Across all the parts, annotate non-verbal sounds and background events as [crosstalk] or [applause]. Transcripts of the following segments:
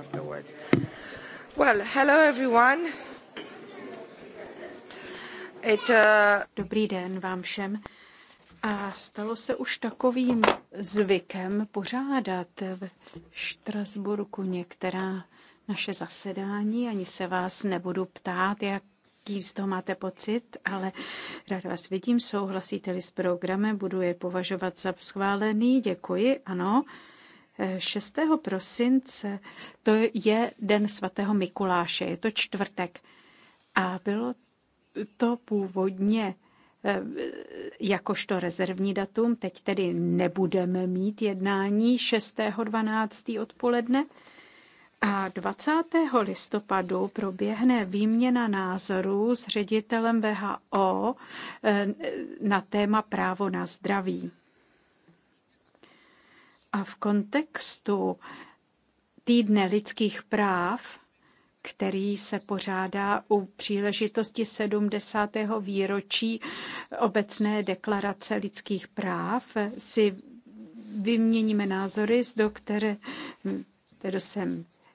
afterwards. Well, hello everyone. It, uh... Dobrý den vám všem. A stalo se už takovým zvykem pořádat v Štrasburku některá naše zasedání. Ani se vás nebudu ptát, jak jaký z toho máte pocit, ale rád vás vidím, souhlasíte-li s programem, budu je považovat za schválený, děkuji, ano. 6. prosince, to je den svatého Mikuláše, je to čtvrtek. A bylo to původně eh, jakožto rezervní datum, teď tedy nebudeme mít jednání 6.12. odpoledne. A 20. listopadu proběhne výměna názorů s ředitelem VHO eh, na téma právo na zdraví. A v kontextu týdne lidských práv, který se pořádá u příležitosti 70. výročí obecné deklarace lidských práv, si vyměníme názory s doktorem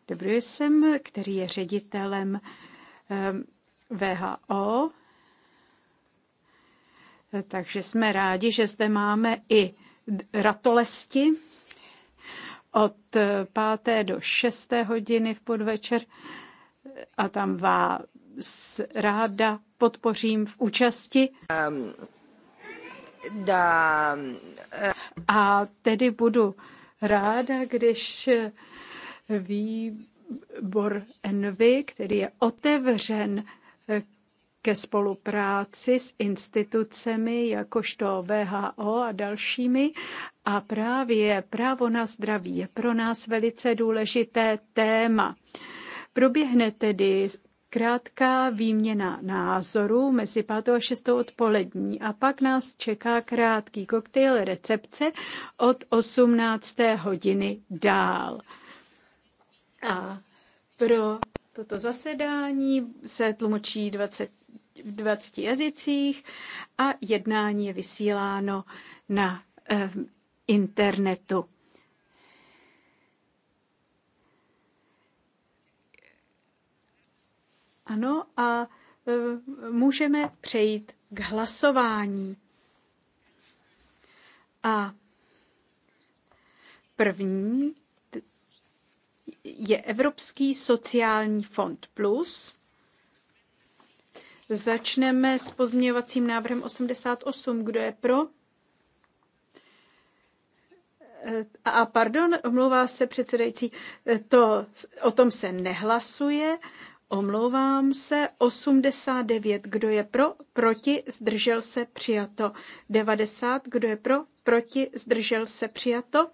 Debrusem, který je ředitelem ehm, VHO. Takže jsme rádi, že zde máme i ratolesti od eh, páté do šesté hodiny v podvečer a tam vás ráda podpořím v účasti. Um, da, uh... A tedy budu ráda, když eh, výbor Envy, který je otevřen ke spolupráci s institucemi jakožto VHO a dalšími. A právě právo na zdraví je pro nás velice důležité téma. Proběhne tedy krátká výměna názorů mezi 5. a 6. odpolední a pak nás čeká krátký koktejl recepce od 18. hodiny dál. A pro toto zasedání se tlumočí 20 v 20 jazycích a jednání je vysíláno na eh, internetu. Ano, a eh, můžeme přejít k hlasování. A první je Evropský sociální fond plus. Začneme s pozměňovacím návrhem 88. Kdo je pro? Eh, a pardon, omlouvá se předsedající, eh, to, o tom se nehlasuje. Omlouvám se, 89, kdo je pro, proti, zdržel se, přijato. 90, kdo je pro, proti, zdržel se, přijato.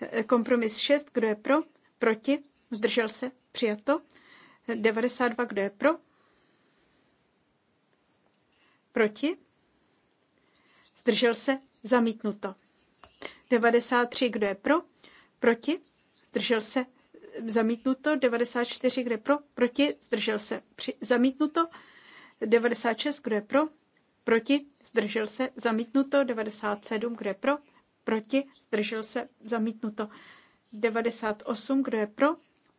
Eh, kompromis 6, kdo je pro, proti, zdržel se, přijato. 92, kdo je pro, Proti? Zdržel se? Zamítnuto. 93, kdo je pro? Proti? Zdržel se? Zamítnuto. 94, kdo je pro? Proti? Zdržel se? Při, zamítnuto. 96, kdo je pro? Proti? Zdržel se? Zamítnuto. 97, kdo je pro? Proti? Zdržel se? Zamítnuto. 98, kdo je pro?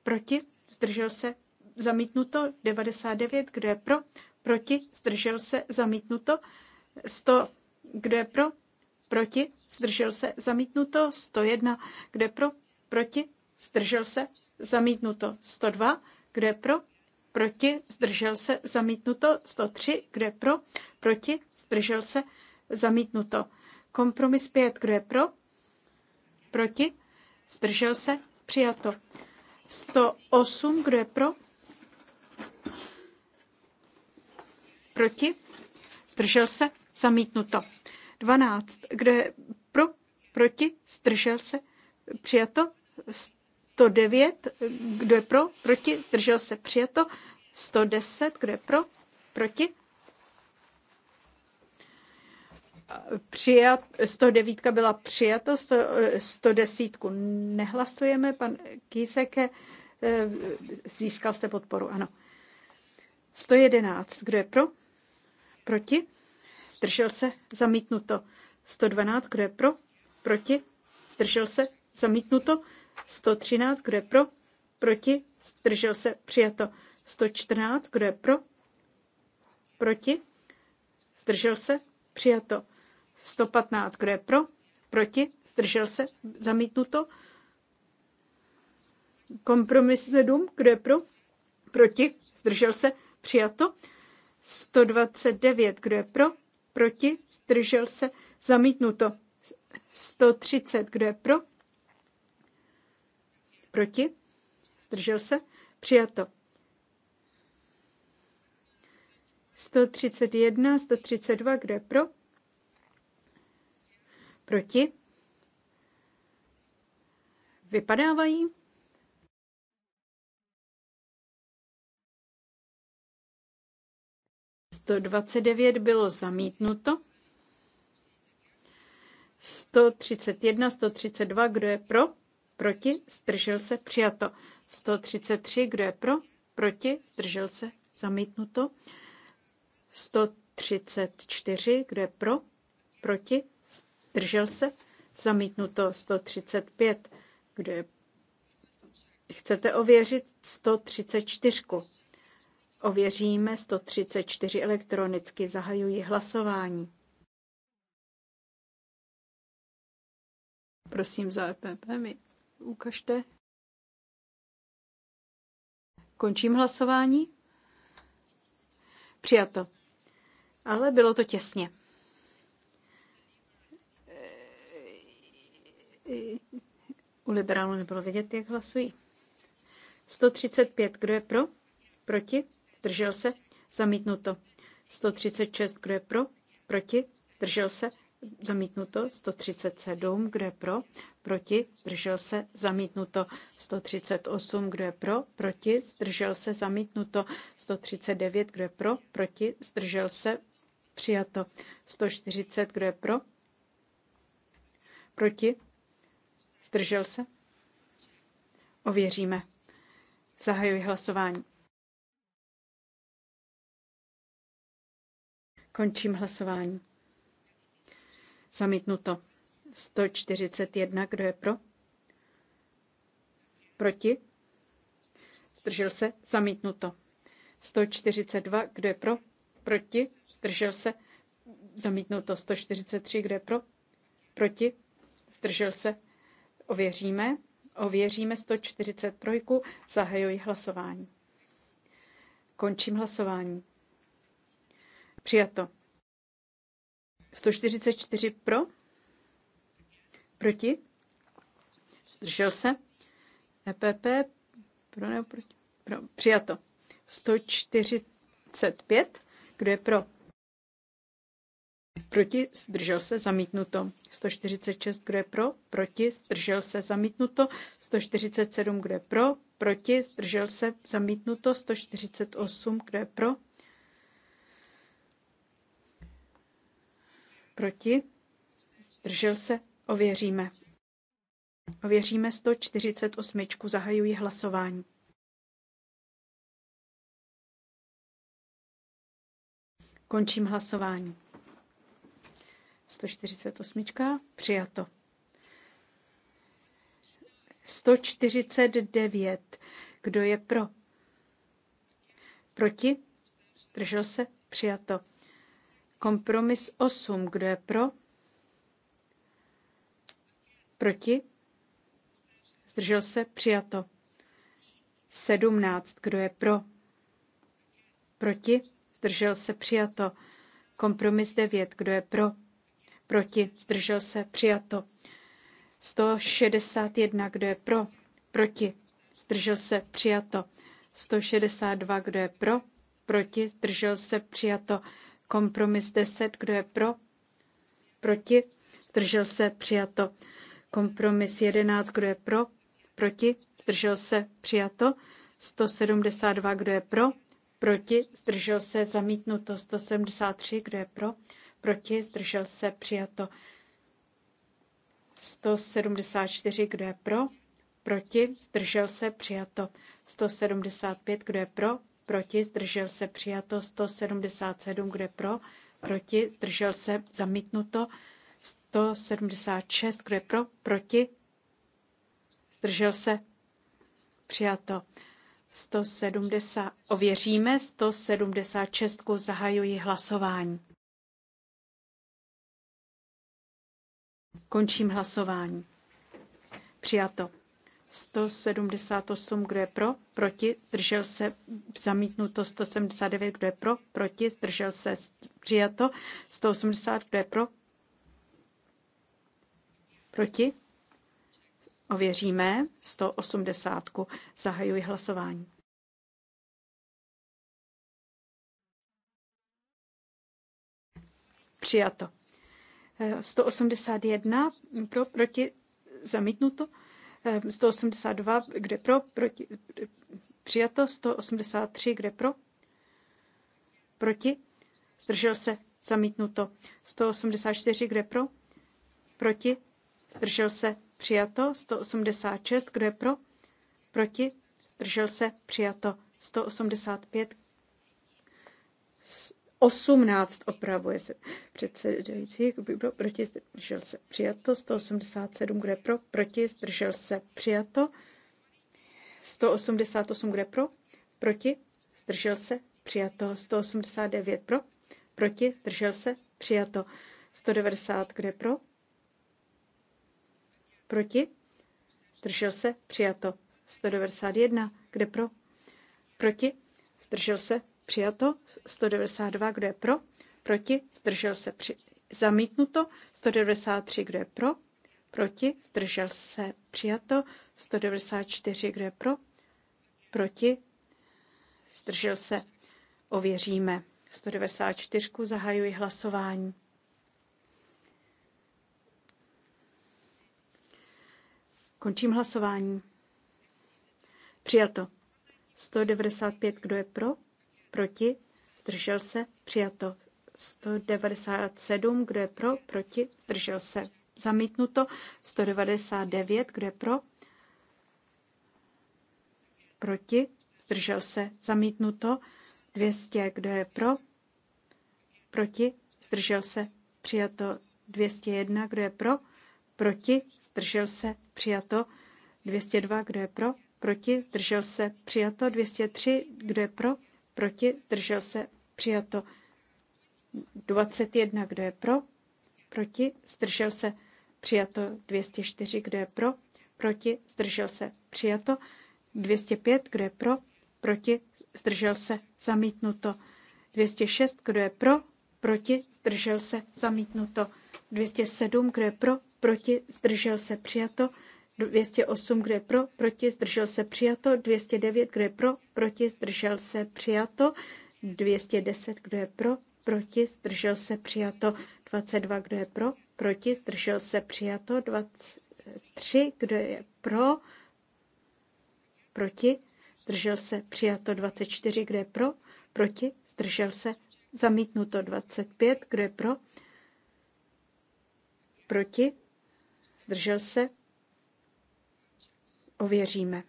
Proti? Zdržel se? Zamítnuto. 99, kdo je pro? proti, zdržel se, zamítnuto. 100, kdo je pro, proti, zdržel se, zamítnuto. 101, kdo je pro, proti, zdržel se, zamítnuto. 102, kdo je pro, proti, zdržel se, zamítnuto. 103, kdo je pro, proti, zdržel se, zamítnuto. Kompromis 5, kdo je pro, proti, zdržel se, přijato. 108, kdo je pro, Proti? Zdržel se? Zamítnuto. 12. Kdo je pro? Proti? Zdržel se? Přijato. 109. Kdo je pro? Proti? Zdržel se? Přijato. 110. Kdo je pro? Proti? Přijat, 109 byla přijata, 110 nehlasujeme. Pan Kýseke eh, získal jste podporu, ano. 111. Kdo je pro? Proti? Zdržel se? Zamítnuto. 112. Kdo je pro? Proti? Zdržel se? Zamítnuto. 113. Kdo je pro? Proti? Zdržel se? Přijato. 114. Kdo je pro? Proti? Zdržel se? Přijato. 115. Kdo je pro? Proti? Zdržel se? Zamítnuto. Kompromis 7. Kdo je pro? Proti? Zdržel se? Přijato. 129. Kdo je pro? Proti? Zdržel se? Zamítnuto. 130. Kdo je pro? Proti? Zdržel se? Přijato. 131, 132, kdo je pro? Proti? Vypadávají? 129 bylo zamítnuto. 131, 132, kdo je pro? Proti, zdržel se, přijato. 133, kdo je pro? Proti, zdržel se, zamítnuto. 134, kdo je pro? Proti, zdržel se, zamítnuto. 135, kdo je Chcete ověřit 134. Ověříme 134 elektronicky. Zahajuji hlasování. Prosím za EPP mi ukažte. Končím hlasování. Přijato. Ale bylo to těsně. U liberálů nebylo vědět, jak hlasují. 135. Kdo je pro? Proti? zdržel se, zamítnuto. 136, kdo je pro, proti, zdržel se, zamítnuto. 137, kdo je pro, proti, zdržel se, zamítnuto. 138, kdo je pro, proti, zdržel se, zamítnuto. 139, kdo je pro, proti, zdržel se, přijato. 140, kdo je pro, proti, zdržel se, ověříme. Zahajuji hlasování. Končím hlasování. Zamítnuto. 141, kdo je pro? Proti? Zdržel se? Zamítnuto. 142, kdo je pro? Proti? Zdržel se? Zamítnuto. 143, kdo je pro? Proti? Zdržel se? Ověříme. Ověříme 143. Zahajuji hlasování. Končím hlasování. Přijato. 144 pro? Proti? Zdržel se? EPP? Pro nebo proti? Pro. Přijato. 145. Kdo je pro? Proti? Zdržel se? Zamítnuto. 146. Kdo je pro? Proti? Zdržel se? Zamítnuto. 147. Kdo je pro? Proti? Zdržel se? Zamítnuto. 148. Kdo je pro? Proti? Držel se? Ověříme. Ověříme 148. Zahajuji hlasování. Končím hlasování. 148. Přijato. 149. Kdo je pro? Proti? Držel se? Přijato. Kompromis 8. Kdo je pro? Proti? Zdržel se? Přijato. 17. Kdo je pro? Proti? Zdržel se? Přijato. Kompromis 9. Kdo je pro? Proti? Zdržel se? Přijato. 161. Kdo je pro? Proti? Zdržel se? Přijato. 162. Kdo je pro? Proti? Zdržel se? Přijato. Kompromis 10, kdo je pro, proti, zdržel se, přijato. Kompromis 11, kdo je pro, proti, zdržel se, přijato. 172, kdo je pro, proti, zdržel se, zamítnuto. 173, kdo je pro, proti, zdržel se, přijato. 174, kdo je pro, proti, zdržel se, přijato. 175, kdo je pro, proti, zdržel se přijato 177, kde pro, proti, zdržel se zamítnuto 176, kde pro, proti, zdržel se přijato 170, ověříme 176, zahajuji hlasování. Končím hlasování. Přijato. 178, kdo je pro, proti, zdržel se, zamítnuto 179, kdo je pro, proti, zdržel se, přijato 180, kdo je pro, proti. Ověříme 180. Zahajuji hlasování. Přijato. 181 eh, pro, proti, zamítnuto. 182, kde pro, proti, přijato, 183, kde pro, proti, zdržel se, zamítnuto, 184, kde pro, proti, zdržel se, přijato, 186, kde pro, proti, zdržel se, přijato, 185, 18 opravuje se předsedající, jako bylo proti, zdržel se přijato, 187, kde pro, proti, zdržel se přijato, 188, kde pro, proti, zdržel se přijato, 189 pro, proti, zdržel se přijato, 190, kde pro, proti, zdržel se přijato, 191, kde pro, proti, zdržel se Přijato 192, kdo je pro? Proti? Zdržel se při... Zamítnuto 193, kdo je pro? Proti? Zdržel se přijato 194, kdo je pro? Proti? Zdržel se. Ověříme. 194 zahajuji hlasování. Končím hlasování. Přijato. 195, kdo je pro? proti, zdržel se, přijato 197, kdo je pro, proti, zdržel se, zamítnuto 199, kdo je pro, proti, zdržel se, zamítnuto 200, kdo je pro, proti, zdržel se, přijato 201, kdo je pro, proti, zdržel se, přijato 202, kdo je pro, proti, zdržel se, přijato 203, kdo je pro, proti, zdržel se, přijato. 21, kdo je pro, proti, zdržel se, přijato. 204, kdo je pro, proti, zdržel se, přijato. 205, kdo je pro, proti, zdržel se, zamítnuto. 206, kdo je pro, proti, zdržel se, zamítnuto. 207, kdo je pro, proti, zdržel se, přijato. 208, kdo je pro, proti, zdržel se přijato, 209, kdo je pro, proti, zdržel se přijato, 210, kdo je pro, proti, zdržel se přijato, 22, kdo je pro, proti, zdržel se přijato, 23, kdo je pro, proti, zdržel se přijato, 24, kdo je pro, proti, zdržel se zamítnuto, 25, kdo je pro, proti, zdržel se Ověříme.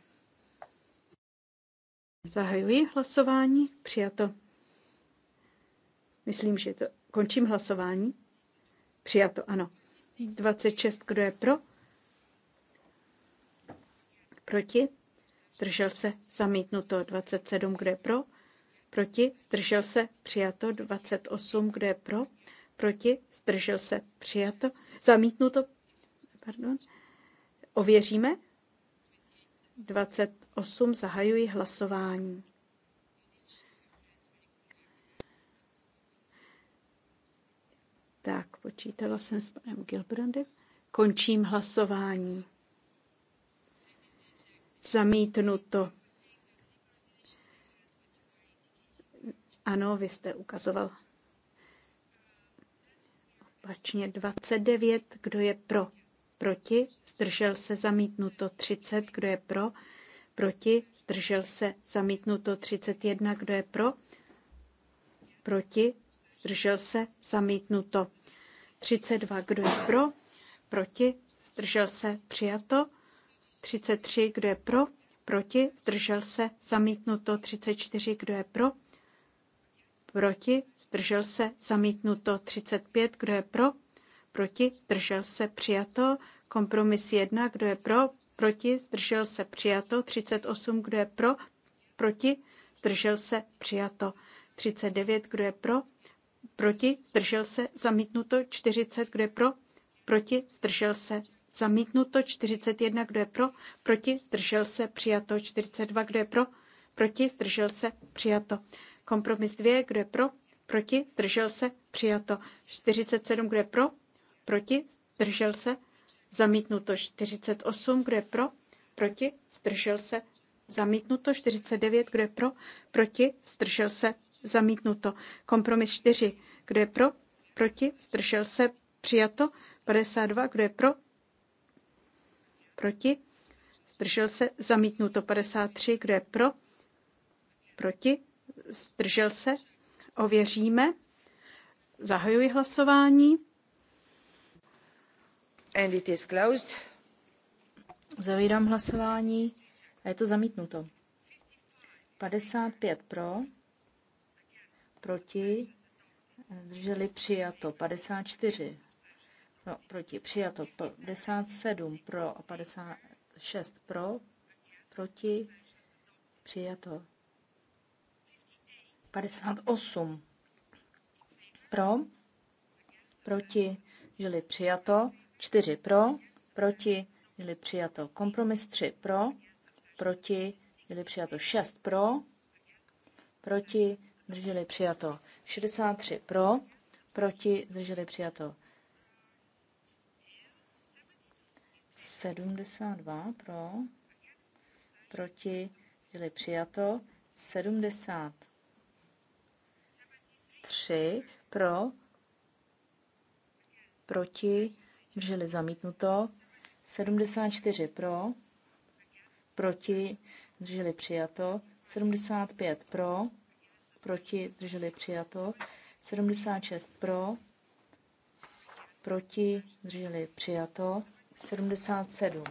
Zahajuji hlasování. Přijato. Myslím, že to... Končím hlasování. Přijato, ano. 26, kdo je pro? Proti? Zdržel se. Zamítnuto. 27, kdo je pro? Proti? Zdržel se. Přijato. 28, kdo je pro? Proti? Zdržel se. Přijato. Zamítnuto. Pardon. Ověříme. 28 zahajuji hlasování. Tak, počítala jsem s panem Gilbrandem. Končím hlasování. Zamítnuto. Ano, vy jste ukazoval. Opačně 29. Kdo je pro? proti, zdržel se zamítnuto 30, kdo je pro, proti, zdržel se zamítnuto 31, kdo je pro, proti, zdržel se zamítnuto 32, kdo je pro, proti, zdržel se přijato 33, kdo je pro, proti, zdržel se zamítnuto 34, kdo je pro, proti, zdržel se zamítnuto 35, kdo je pro, proti, zdržel se, přijato. Kompromis 1, kdo je pro, proti, zdržel se, přijato. 38, kdo je pro, proti, zdržel se, přijato. 39, kdo je pro, proti, zdržel se, zamítnuto. 40, kdo je pro, proti, zdržel se, zamítnuto. 41, kdo je pro, proti, zdržel se, přijato. 42, kdo je pro, proti, zdržel se, přijato. Kompromis 2, kdo je pro, proti, zdržel se, přijato. 47, kdo je pro, proti, zdržel se, zamítnuto 48, kdo je pro, proti, zdržel se, zamítnuto 49, kdo je pro, proti, zdržel se, zamítnuto. Kompromis 4, kdo je pro, proti, zdržel se, přijato 52, kdo je pro, proti, zdržel se, zamítnuto 53, kdo je pro, proti, zdržel se, ověříme, zahajuji hlasování. And it is closed. Zavírám hlasování a je to zamítnuto. 55 pro, proti, drželi přijato 54, pro, proti přijato 57 pro a 56 pro, proti přijato 58 pro, proti drželi přijato 4 pro, proti, byly přijato. Kompromis 3 pro, proti, byly přijato 6 pro, proti, drželi přijato 63 pro, proti, drželi přijato 72 pro, proti, byly přijato 73 pro, proti, drželi zamítnuto, 74 pro, proti, drželi přijato, 75 pro, proti, drželi přijato, 76 pro, proti, drželi přijato, 77.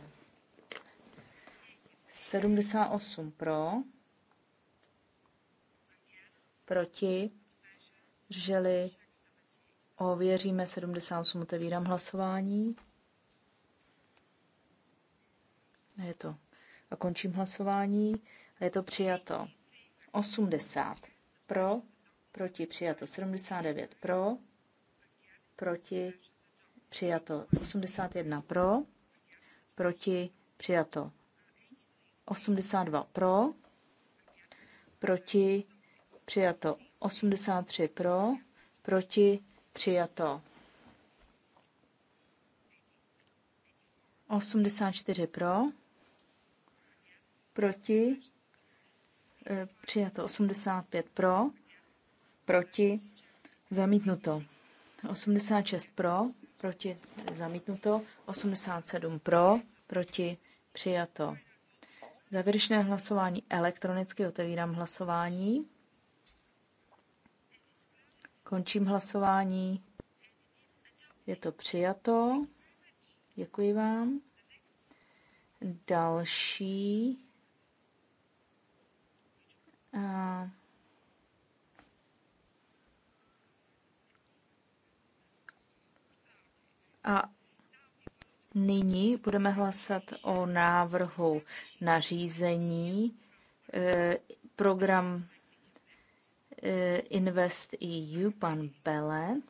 78 pro, proti, drželi Ověříme 78, otevírám hlasování. Je to. A končím hlasování. A je to přijato. 80 pro, proti přijato 79 pro, proti přijato 81 pro, proti přijato 82 pro, proti přijato 83 pro, proti Přijato. 84 pro, proti, eh, přijato 85 pro, proti, zamítnuto. 86 pro, proti, zamítnuto. 87 pro, proti, přijato. Závěrečné hlasování elektronicky otevírám hlasování. Končím hlasování. Je to přijato. Děkuji vám. Další. A... A nyní budeme hlasat o návrhu nařízení eh, program Eh, Invest EU, pan Bele.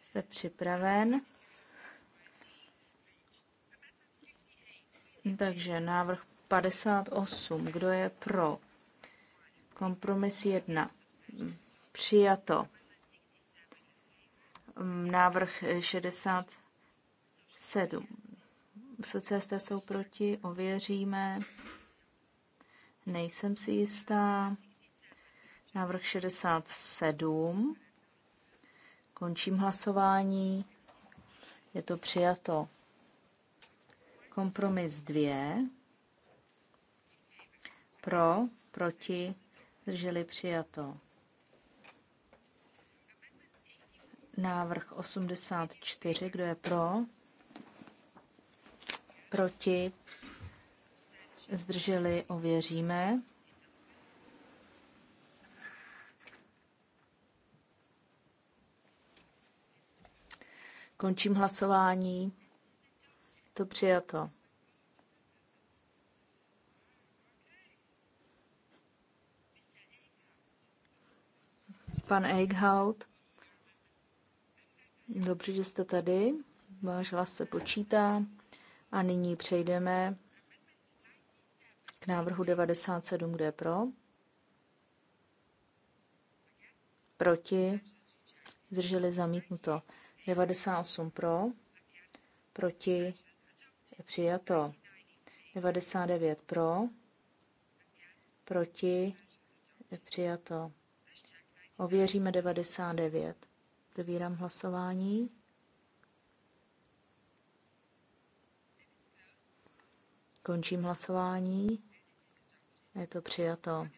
Jste připraven? Takže návrh 58. Kdo je pro? Kompromis 1. Přijato. Návrh 67. Socialisté jsou proti, ověříme. Nejsem si jistá. Návrh 67. Končím hlasování. Je to přijato. Kompromis 2. Pro, proti, drželi přijato. Návrh 84. Kdo je pro? Proti, zdrželi, ověříme. Končím hlasování. To přijato. Pan Eichhout. Dobře, že jste tady. Váš hlas se počítá. A nyní přejdeme k návrhu 97, kde pro. Proti. Zdrželi zamítnuto. 98 pro, proti, je přijato. 99 pro, proti, je přijato. Ověříme 99. Otevírám hlasování. Končím hlasování. Je to přijato.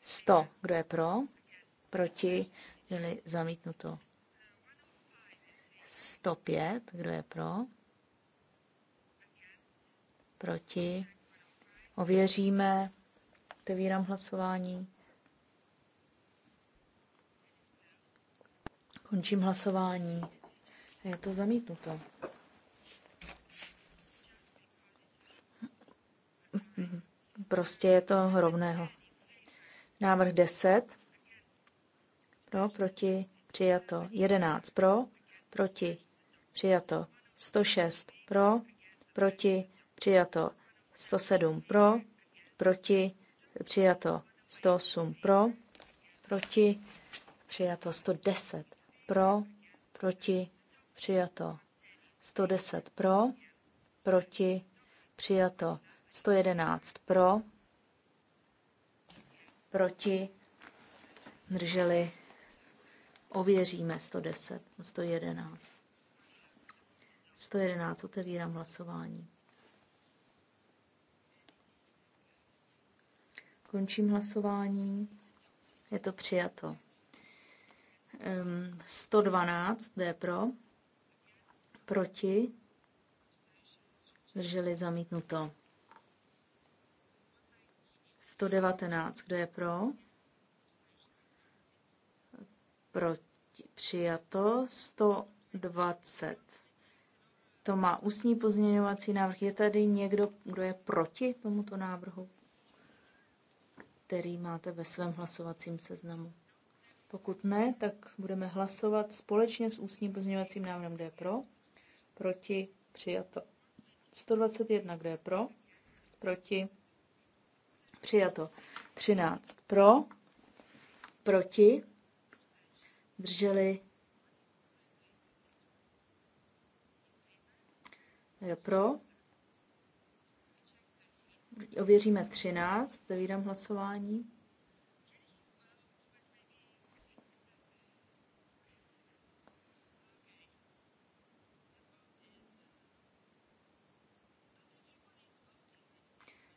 100. Kdo je pro? Proti? Byli zamítnuto. 105. Kdo je pro? Proti? Ověříme. Otevírám hlasování. Končím hlasování. Je to zamítnuto. Prostě je to rovného. Návrh 10. Pro, proti, přijato. 11 pro, proti, přijato. 106 pro, proti, přijato. 107 pro, proti, přijato. 108 pro, proti, přijato. 110 pro, proti, přijato. 110 pro, proti, přijato. 111 pro, proti, drželi Ověříme 110 a 111. 111 otevírám hlasování. Končím hlasování. Je to přijato. 112 D pro, proti, drželi zamítnuto. 119, kdo je pro? proti, přijato 120. To má ústní pozměňovací návrh. Je tady někdo, kdo je proti tomuto návrhu, který máte ve svém hlasovacím seznamu? Pokud ne, tak budeme hlasovat společně s ústním pozměňovacím návrhem, kde je pro, proti, přijato. 121, kde je pro, proti, přijato. 13 pro, proti, drželi. Pro. Ověříme 13, dovírám hlasování.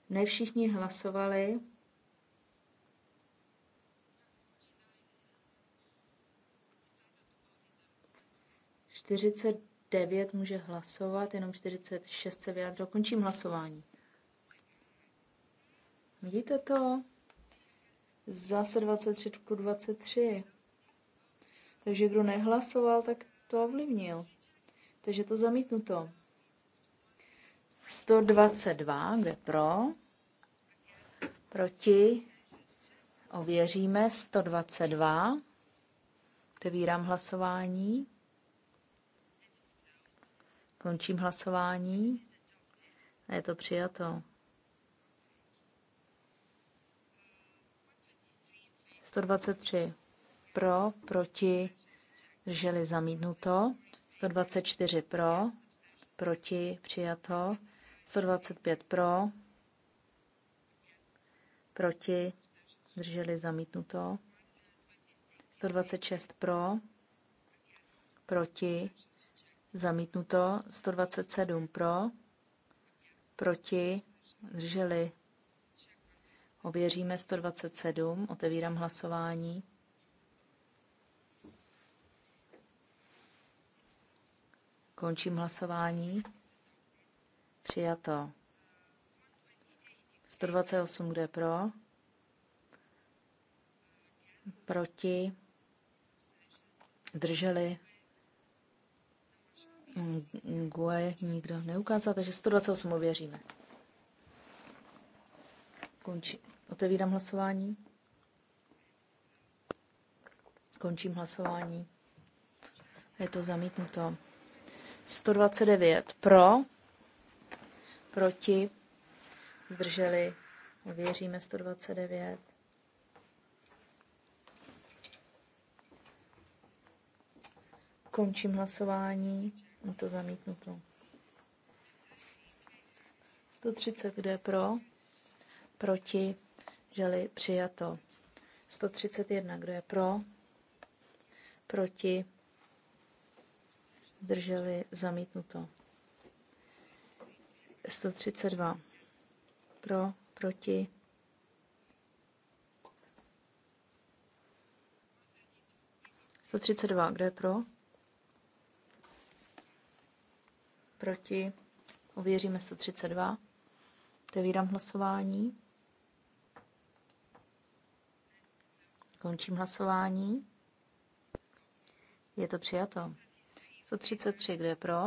Ne všichni hlasovali. 49 může hlasovat, jenom 46 se vyjádřilo. Končím hlasování. Vidíte to? Zase 23 23. Takže kdo nehlasoval, tak to ovlivnil. Takže to zamítnuto. 122, kde pro? Proti? Ověříme 122. Otevírám hlasování. Končím hlasování a je to přijato. 123 pro, proti, drželi zamítnuto. 124 pro, proti, přijato. 125 pro, proti, drželi zamítnuto. 126 pro, proti, Zamítnuto 127 pro, proti, drželi. Ověříme 127, otevírám hlasování. Končím hlasování. Přijato. 128 kde pro. Proti. Drželi. Gue nikdo neukázal, takže 128 ověříme. Končí. Otevírám hlasování. Končím hlasování. Je to zamítnuto. 129 pro, proti, zdrželi, věříme 129. Končím hlasování. Je to zamítnuto. 130, kdo je pro? Proti? Želi přijato. 131, kdo je pro? Proti? Drželi zamítnuto. 132. Pro, proti. Sto třicet dva, kde je pro? proti, ověříme 132. Otevírám hlasování. Končím hlasování. Je to přijato. 133, kde je pro?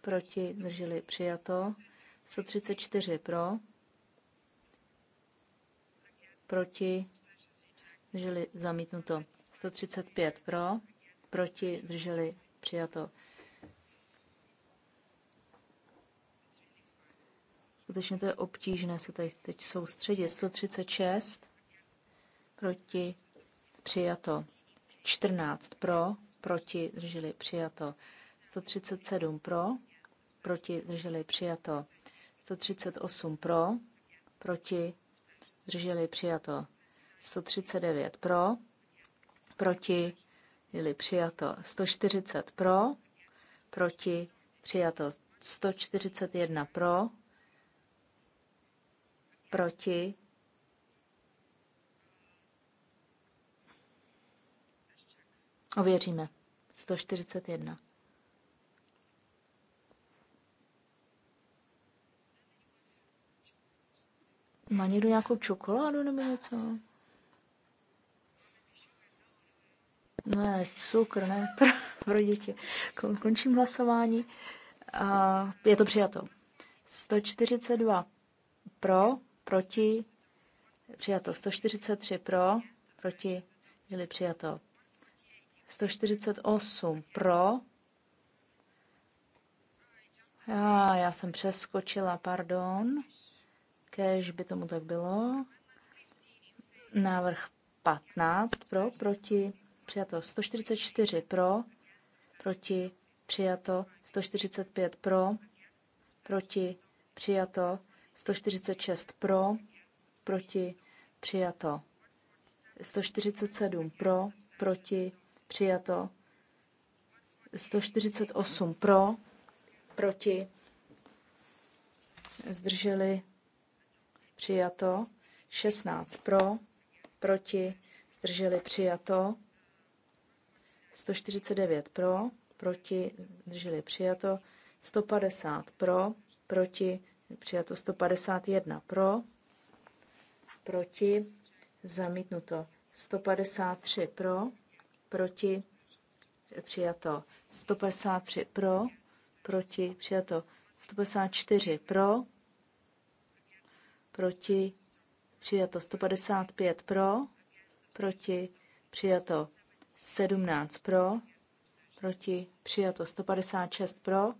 Proti, drželi přijato. 134 pro. Proti, drželi zamítnuto. 135 pro. Proti, drželi přijato. Skutečně to je obtížné se tady teď soustředit. 136 proti přijato. 14 pro, proti drželi přijato. 137 pro, proti drželi přijato. 138 pro, proti drželi přijato. 139 pro, proti byli přijato 140 pro, proti přijato 141 pro, proti, ověříme, 141. Má někdo nějakou čokoládu nebo něco? Ne, cukr, ne, [laughs] pro, pro děti. Kon, končím hlasování. A je to přijato. 142 pro, proti, přijato 143 pro, proti, byli přijato 148 pro. Já, já jsem přeskočila, pardon. Kež by tomu tak bylo. Návrh 15 pro, proti, přijato 144 pro, proti, přijato 145 pro, proti, přijato 146 pro, proti, přijato. 147 pro, proti, přijato. 148 pro, proti, zdrželi, přijato. 16 pro, proti, zdrželi, přijato. 149 pro, proti, zdrželi, přijato. 150 pro, proti, Přijato 151 pro, proti, zamítnuto 153 pro, proti, přijato 153 pro, proti, přijato 154 pro, proti, přijato 155 pro, proti, přijato 17 pro, proti, přijato 156 pro,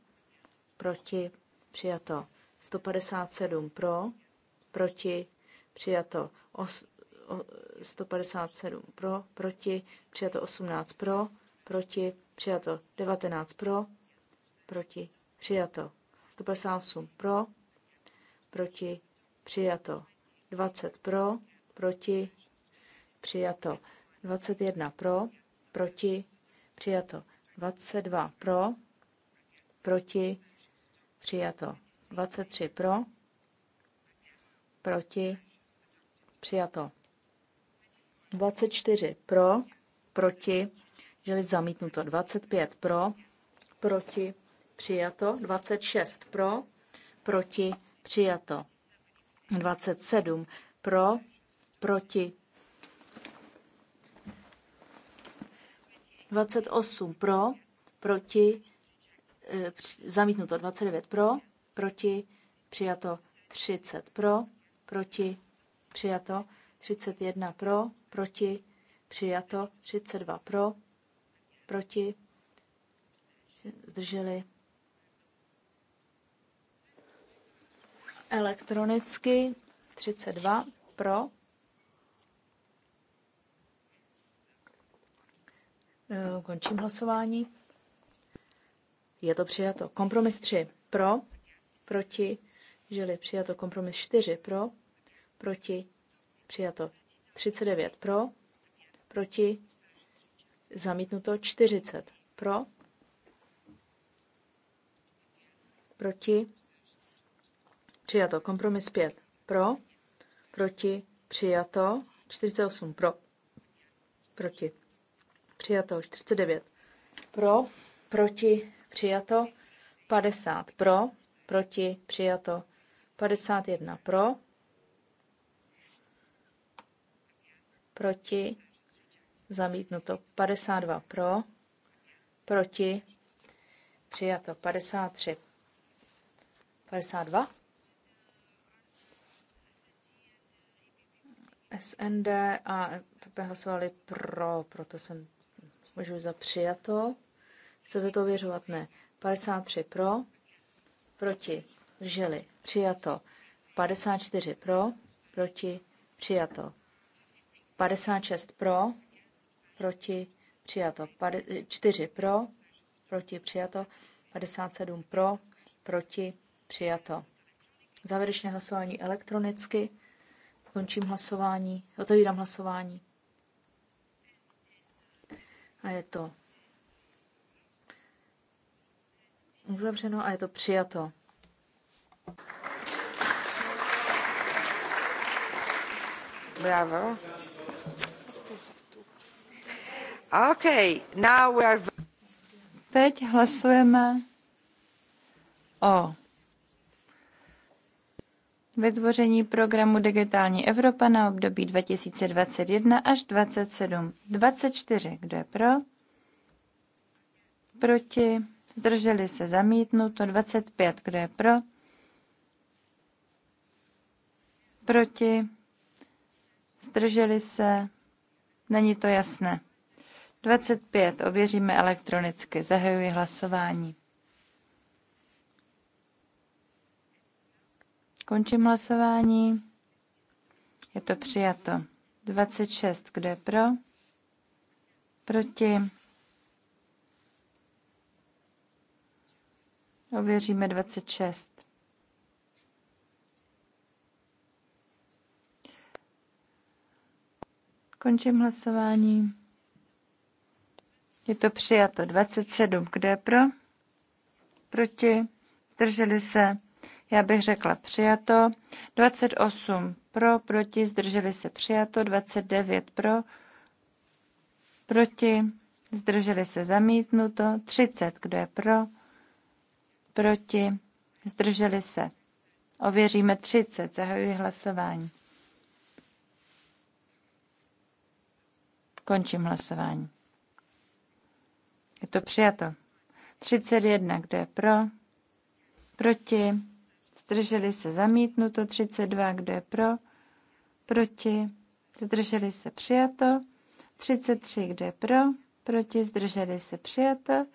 proti, přijato 157 pro, proti, přijato os, o, 157 pro, proti, přijato 18 pro, proti, přijato 19 pro, proti, přijato 158 pro, proti, přijato 20 pro, proti, přijato 21 pro, proti, přijato 22 pro, proti, přijato 23 pro, proti, přijato. 24 pro, proti, žili zamítnuto. 25 pro, proti, přijato. 26 pro, proti, přijato. 27 pro, proti. 28 pro, proti, eh, zamítnuto. 29 pro, proti, přijato 30 pro, proti, přijato 31 pro, proti, přijato 32 pro, proti, zdrželi elektronicky 32 pro, eh, Končím hlasování. Je to přijato. Kompromis 3 pro, proti, žili přijato kompromis 4 pro, proti, přijato 39 pro, proti, zamítnuto 40 pro, proti, přijato kompromis 5 pro, proti, přijato 48 pro, proti, přijato 49 pro, proti, přijato 50 pro, proti, přijato 51 pro, proti, zamítnuto 52 pro, proti, přijato 53, 52. SND a PP hlasovali pro, proto jsem můžu za přijato. Chcete to ověřovat? Ne. 53 pro, proti, zdrželi, přijato. 54 pro, proti, přijato. 56 pro, proti, přijato. 4 pro, proti, přijato. 57 pro, proti, přijato. Závěrečné hlasování elektronicky. Končím hlasování, otevírám hlasování. A je to uzavřeno a je to přijato. Bravo. Okay, now we are... Teď hlasujeme o vytvoření programu Digitální Evropa na období 2021 až 2027. 24. Kdo je pro? Proti? zdrželi se zamítnuto 25, kdo je pro, proti, zdrželi se, není to jasné. 25, ověříme elektronicky, zahajuji hlasování. Končím hlasování. Je to přijato. 26, kdo je pro? Proti? Ověříme 26. Končím hlasování. Je to přijato 27. Kdo je pro? Proti? Zdrželi se? Já bych řekla přijato. 28 pro, proti, zdrželi se přijato. 29 pro, proti, zdrželi se zamítnuto. 30, kdo je pro? proti, zdrželi se. Ověříme 30, zahajuji hlasování. Končím hlasování. Je to přijato. 31, kdo je pro, proti, zdrželi se zamítnuto, 32, kdo je pro, proti, zdrželi se přijato, 33, kdo je pro, proti, zdrželi se přijato,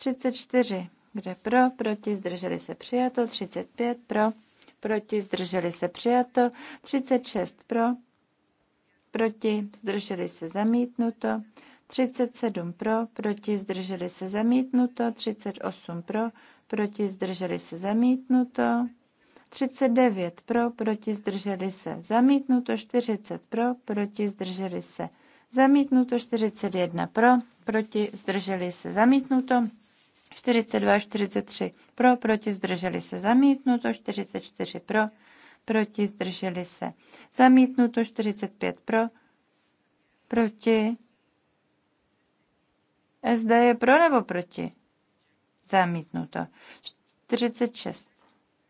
34. Kde pro, proti, zdrželi se přijato. 35. Pro, proti, zdrželi se přijato. 36. Pro, proti, zdrželi se zamítnuto. 37 pro, proti zdrželi se zamítnuto, 38 pro, proti zdrželi se zamítnuto, 39 pro, proti zdrželi se zamítnuto, 40 pro, proti zdrželi se zamítnuto, 41 pro, proti zdrželi se zamítnuto. 42 43 pro, proti zdrželi se zamítnuto, 44 pro, proti zdrželi se zamítnuto, 45 pro, proti. SD je pro nebo proti? Zamítnuto. 46.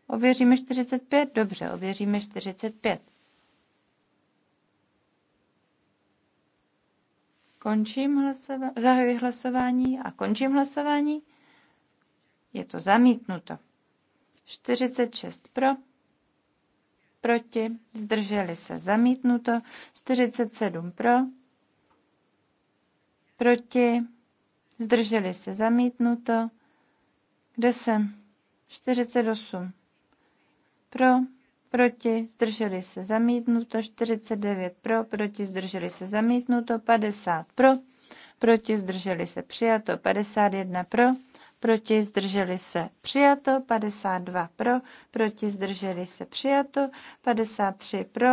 Ověříme 45? Dobře, ověříme 45. Končím hlasování, zahajuji hlasování a končím hlasování. Je to zamítnuto. 46 pro, proti, zdrželi se zamítnuto. 47 pro, proti, zdrželi se zamítnuto. Kde jsem? 48 pro, proti, zdrželi se zamítnuto, 49 pro, proti, zdrželi se zamítnuto, 50 pro, proti, zdrželi se přijato, 51 pro, proti zdrželi se přijato, 52 pro, proti zdrželi se přijato, 53 pro,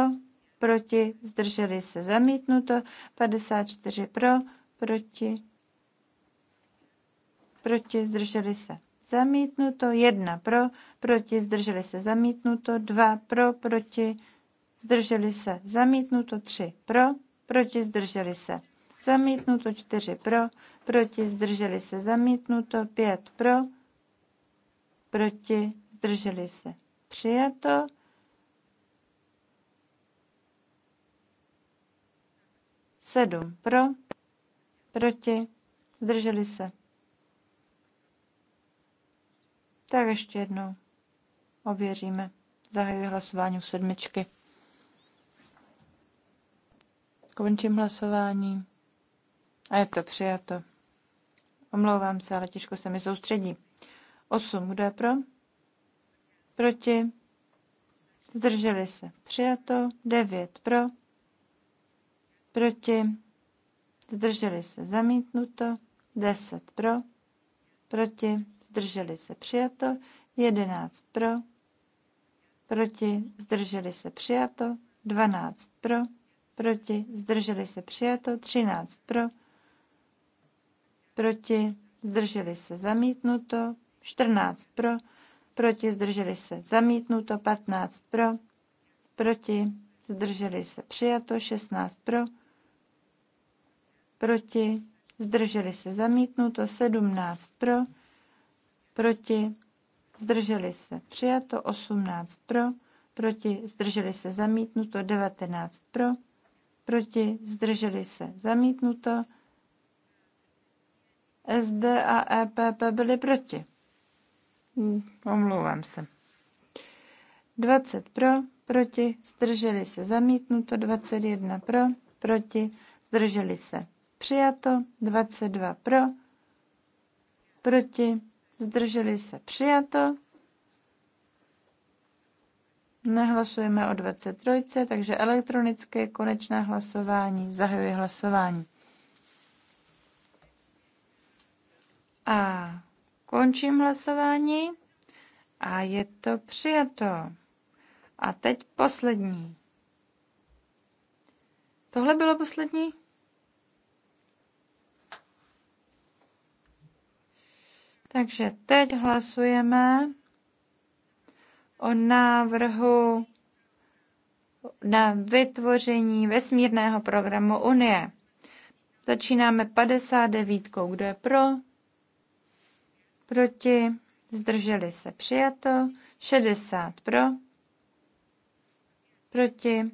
proti zdrželi se zamítnuto, 54 pro, proti, proti zdrželi se zamítnuto, 1 pro, proti zdrželi se zamítnuto, 2 pro, proti zdrželi se zamítnuto, 3 pro, proti zdrželi se zamítnuto 4 pro, proti zdrželi se zamítnuto 5 pro, proti zdrželi se přijato. Sedm pro, proti, zdrželi se. Tak ještě jednou ověříme. Zahajuji hlasování u sedmičky. Končím hlasování. A je to přijato. Omlouvám se, ale těžko se mi soustředí. 8. Kdo je pro? Proti? Zdrželi se. Přijato. 9. Pro? Proti? Zdrželi se. Zamítnuto. 10. Pro? Proti? Zdrželi se. Přijato. 11. Pro? Proti? Zdrželi se. Přijato. 12. Pro? Proti? Zdrželi se. Přijato. 13. Pro? proti, zdrželi se zamítnuto, 14 pro, proti, zdrželi se zamítnuto, 15 pro, proti, zdrželi se přijato, 16 pro, proti, zdrželi se zamítnuto, 17 pro, proti, zdrželi se přijato, 18 pro, proti, zdrželi se zamítnuto, 19 pro, proti, zdrželi se zamítnuto, SD a EPP byli proti. Hmm, omlouvám se. 20 pro, proti, zdrželi se zamítnuto, 21 pro, proti, zdrželi se přijato, 22 pro, proti, zdrželi se přijato. Nehlasujeme o 23, takže elektronické konečné hlasování. Zahajuji hlasování. A končím hlasování. A je to přijato. A teď poslední. Tohle bylo poslední? Takže teď hlasujeme o návrhu na vytvoření vesmírného programu Unie. Začínáme 59. Kdo je pro? proti, zdrželi se přijato, 60 pro, proti,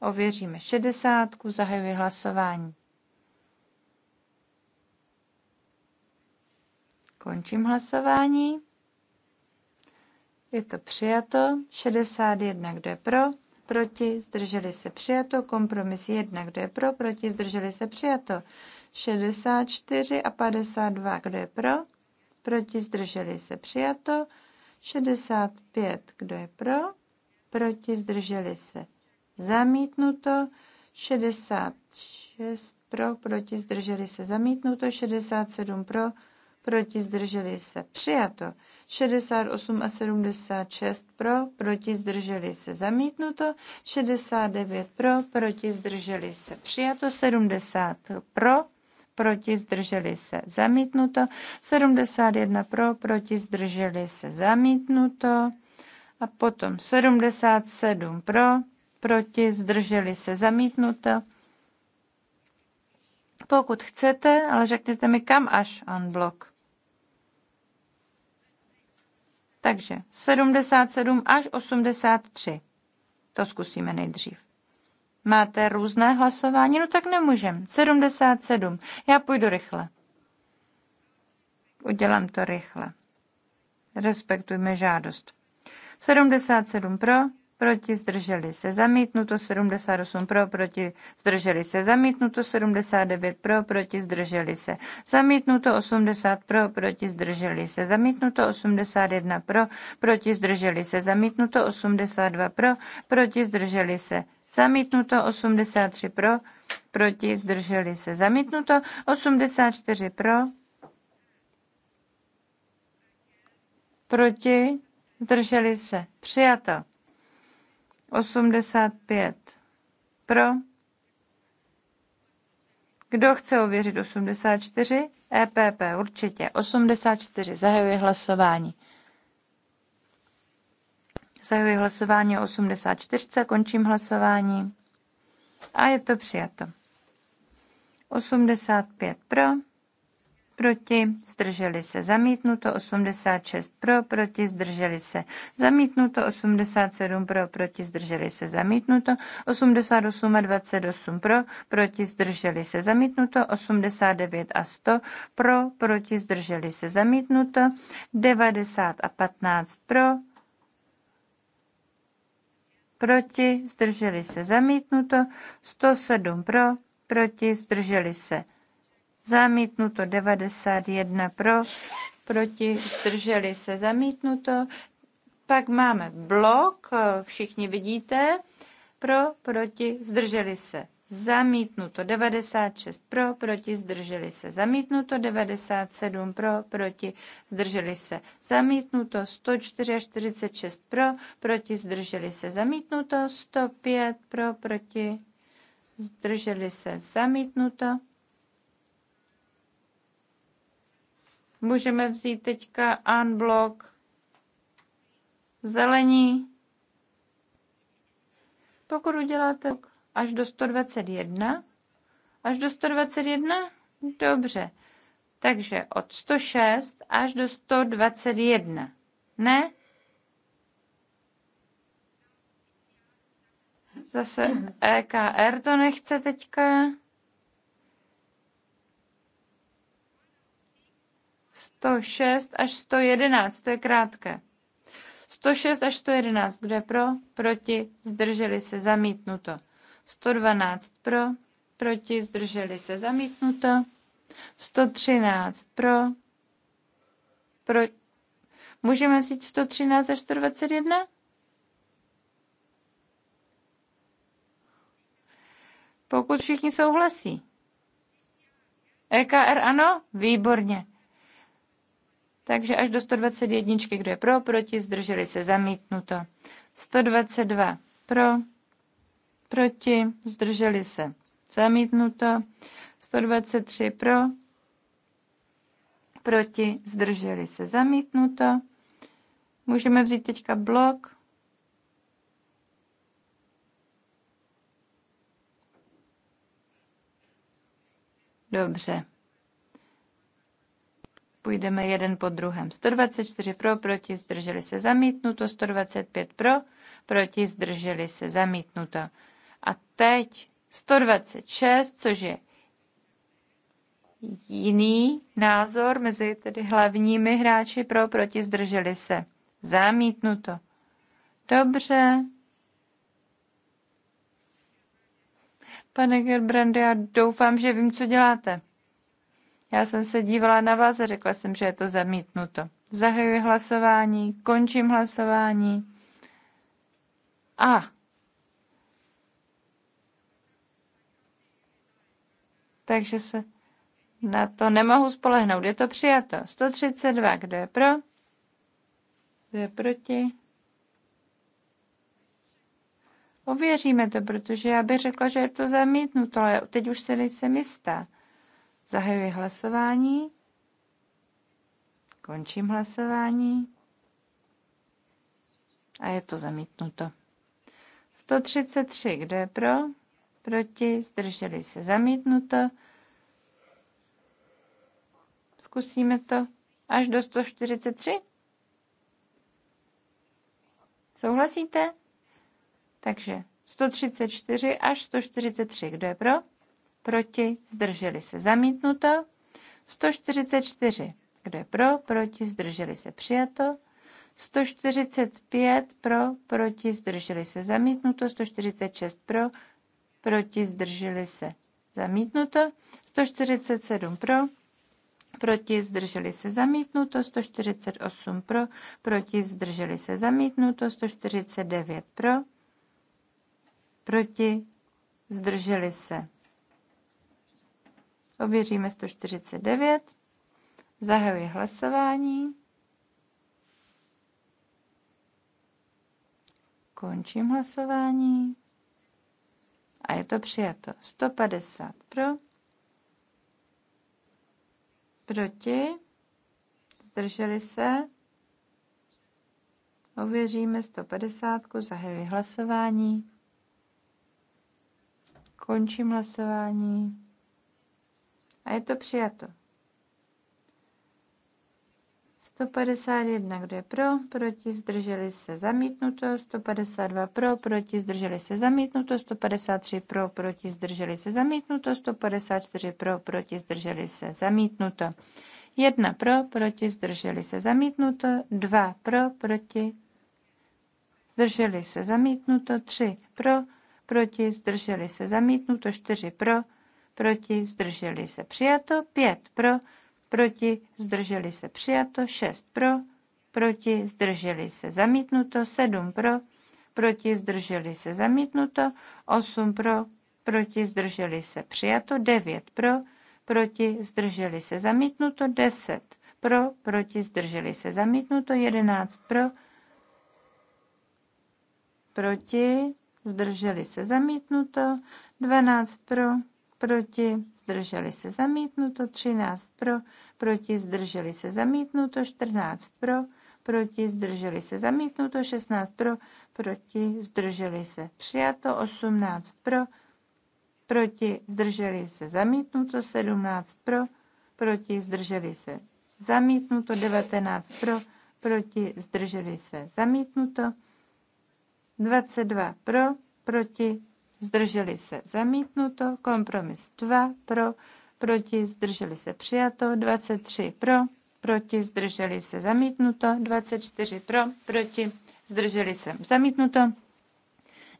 ověříme 60, zahajuji hlasování. Končím hlasování. Je to přijato. 61, kdo je pro, proti, zdrželi se přijato. Kompromis 1, kdo je pro, proti, zdrželi se přijato. 64 a 52, kdo je pro, proti, zdrželi se přijato. 65, kdo je pro, proti, zdrželi se zamítnuto. 66 pro, proti, zdrželi se zamítnuto. 67 pro, proti, zdrželi se přijato. 68 a 76 pro, proti, zdrželi se zamítnuto. 69 pro, proti, zdrželi se přijato. 70 pro, proti, zdrželi se, zamítnuto. 71 pro, proti, zdrželi se, zamítnuto. A potom 77 pro, proti, zdrželi se, zamítnuto. Pokud chcete, ale řekněte mi kam až unblock. Takže 77 až 83. To zkusíme nejdřív máte různé hlasování, no tak nemůžem. 77. Já půjdu rychle. Udělám to rychle. Respektujme žádost. 77 pro, proti zdrželi se zamítnuto, 78 pro, proti zdrželi se zamítnuto, 79 pro, proti zdrželi se zamítnuto, 80 pro, proti zdrželi se zamítnuto, 81 pro, proti zdrželi se zamítnuto, 82 pro, proti zdrželi se zamítnuto 83 pro, proti zdrželi se zamítnuto 84 pro, proti zdrželi se přijato 85 pro. Kdo chce uvěřit 84? EPP určitě. 84 zahajuje hlasování. Zahajuji hlasování o 84, končím hlasování a je to přijato. 85 pro, proti, zdrželi se zamítnuto, 86 pro, proti, zdrželi se zamítnuto, 87 pro, proti, zdrželi se zamítnuto, 88 a 28 pro, proti, zdrželi se zamítnuto, 89 a 100 pro, proti, zdrželi se zamítnuto, 90 a 15 pro, proti, zdrželi se zamítnuto, 107 pro, proti, zdrželi se zamítnuto, 91 pro, proti, zdrželi se zamítnuto. Pak máme blok, všichni vidíte, pro, proti, zdrželi se zamítnuto 96 pro, proti, zdrželi se, zamítnuto 97 pro, proti, zdrželi se, zamítnuto 146 pro, proti, zdrželi se, zamítnuto 105 pro, proti, zdrželi se, zamítnuto. Můžeme vzít teďka unblock zelení. Pokud uděláte až do 121? Až do 121? Dobře. Takže od 106 až do 121. Ne? Zase EKR to nechce teďka. 106 až 111, to je krátké. 106 až 111, kde pro, proti, zdrželi se, zamítnuto. 112 pro, proti, zdrželi se zamítnuto. 113 pro, pro... Můžeme vzít 113 a 121? Pokud všichni souhlasí. EKR ano? Výborně. Takže až do 121, kdo je pro, proti, zdrželi se zamítnuto. 122 pro, proti, zdrželi se. Zamítnuto. 123 pro, proti, zdrželi se. Zamítnuto. Můžeme vzít teďka blok. Dobře. Půjdeme jeden po druhém. 124 pro, proti, zdrželi se zamítnuto. 125 pro, proti, zdrželi se zamítnuto. A teď 126, což je jiný názor mezi tedy hlavními hráči pro proti zdrželi se. Zamítnuto. Dobře. Pane Gerbrandy, já doufám, že vím, co děláte. Já jsem se dívala na vás a řekla jsem, že je to zamítnuto. Zahajuji hlasování, končím hlasování. A takže se na to nemohu spolehnout. Je to přijato. 132, kdo je pro? Kdo je proti? Ověříme to, protože já bych řekla, že je to zamítnuto, ale teď už se nejsem jistá. Zahajuji hlasování. Končím hlasování. A je to zamítnuto. 133, kdo je pro? proti, zdrželi se zamítnuto. Zkusíme to až do 143. Souhlasíte? Takže 134 až 143. Kdo je pro? Proti, zdrželi se zamítnuto. 144. Kdo je pro? Proti, zdrželi se přijato. 145 pro, proti, zdrželi se zamítnuto, 146 pro, proti, zdrželi se. Zamítnuto 147 pro, proti, zdrželi se zamítnuto, 148 pro, proti, zdrželi se zamítnuto, 149 pro, proti, zdrželi se. Ověříme 149, zahajuji hlasování, končím hlasování a je to přijato. 150 pro, proti, zdrželi se, ověříme 150, zahajuji hlasování, končím hlasování a je to přijato. 151, kdo je pro, proti, zdrželi se zamítnuto, 152 pro, proti, zdrželi se zamítnuto, 153 pro, proti, zdrželi se zamítnuto, 154 pro, proti, zdrželi se zamítnuto, 1 pro, proti, zdrželi se zamítnuto, 2 pro, proti, zdrželi se zamítnuto, 3 pro, proti, zdrželi se zamítnuto, 4 pro, proti, zdrželi se přijato, 5 pro, proti, zdrželi se přijato, 6 pro, proti, zdrželi se zamítnuto, 7 pro, proti, zdrželi se zamítnuto, 8 pro, proti, zdrželi se přijato, 9 pro, proti, zdrželi se zamítnuto, 10 pro, proti, zdrželi se zamítnuto, 11 pro, proti, zdrželi se zamítnuto, 12 pro, proti, zdrželi se zamítnuto, 13 pro, proti, zdrželi se zamítnuto, 14 pro, proti, zdrželi se zamítnuto, 16 pro, proti, zdrželi se přijato, 18 pro, proti, zdrželi se zamítnuto, 17 pro, proti, zdrželi se zamítnuto, 19 pro, proti, zdrželi se zamítnuto, 22 pro, proti, zdrželi se zamítnuto, kompromis 2 pro, proti, zdrželi se přijato, 23 pro, proti, zdrželi se zamítnuto, 24 pro, proti, zdrželi se zamítnuto,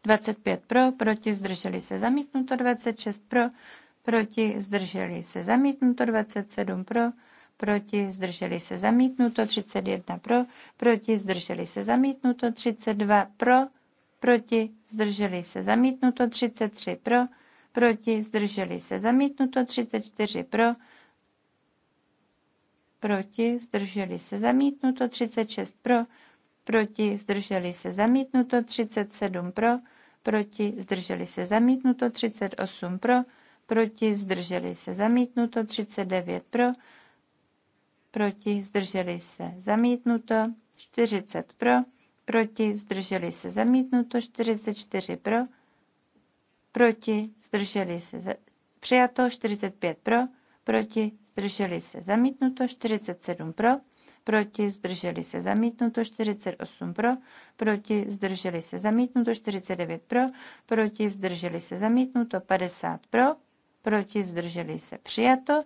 25 pro, proti, zdrželi se zamítnuto, 26 pro, proti, zdrželi se zamítnuto, 27 pro, proti, zdrželi se zamítnuto, 31 pro, proti, zdrželi se zamítnuto, 32 pro, proti, zdrželi se zamítnuto 33 pro, proti, zdrželi se zamítnuto 34 pro, proti, zdrželi se zamítnuto 36 pro, proti, zdrželi se zamítnuto 37 pro, proti, zdrželi se zamítnuto 38 pro, proti, zdrželi se zamítnuto 39 pro, proti, zdrželi se zamítnuto 40 pro, proti, zdrželi se zamítnuto, 44 pro, proti, zdrželi se za, přijato, 45 pro, proti, zdrželi se zamítnuto, 47 pro, proti, zdrželi se zamítnuto, 48 pro, proti, zdrželi se zamítnuto, 49 pro, proti, zdrželi se zamítnuto, 50 pro, proti, zdrželi se přijato,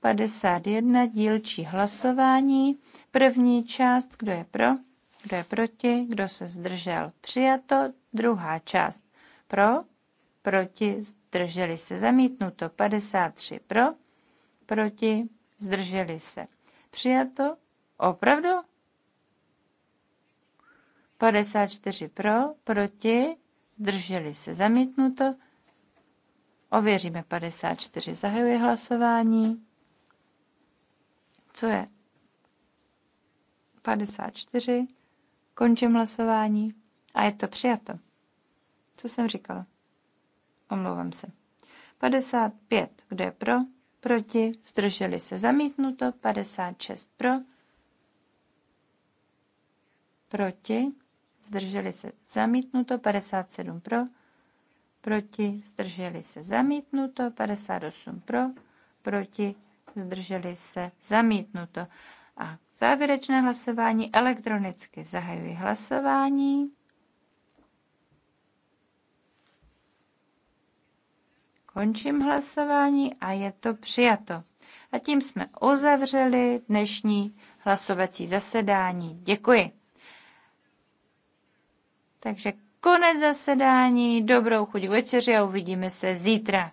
51 dílčí hlasování, první část, kdo je pro, kdo je proti? Kdo se zdržel? Přijato. Druhá část. Pro? Proti? Zdrželi se. Zamítnuto. 53. Pro? Proti? Zdrželi se. Přijato. Opravdu? 54 pro, proti, zdrželi se zamítnuto. Ověříme 54, zahajuje hlasování. Co je? 54. Končím hlasování a je to přijato. Co jsem říkala? Omlouvám se. 55. Kdo je pro? Proti? Zdrželi se zamítnuto. 56 pro. Proti? Zdrželi se zamítnuto. 57 pro. Proti? Zdrželi se zamítnuto. 58 pro. Proti? Zdrželi se zamítnuto. A závěrečné hlasování elektronicky. Zahajuji hlasování. Končím hlasování a je to přijato. A tím jsme uzavřeli dnešní hlasovací zasedání. Děkuji. Takže konec zasedání, dobrou chuť k večeři a uvidíme se zítra.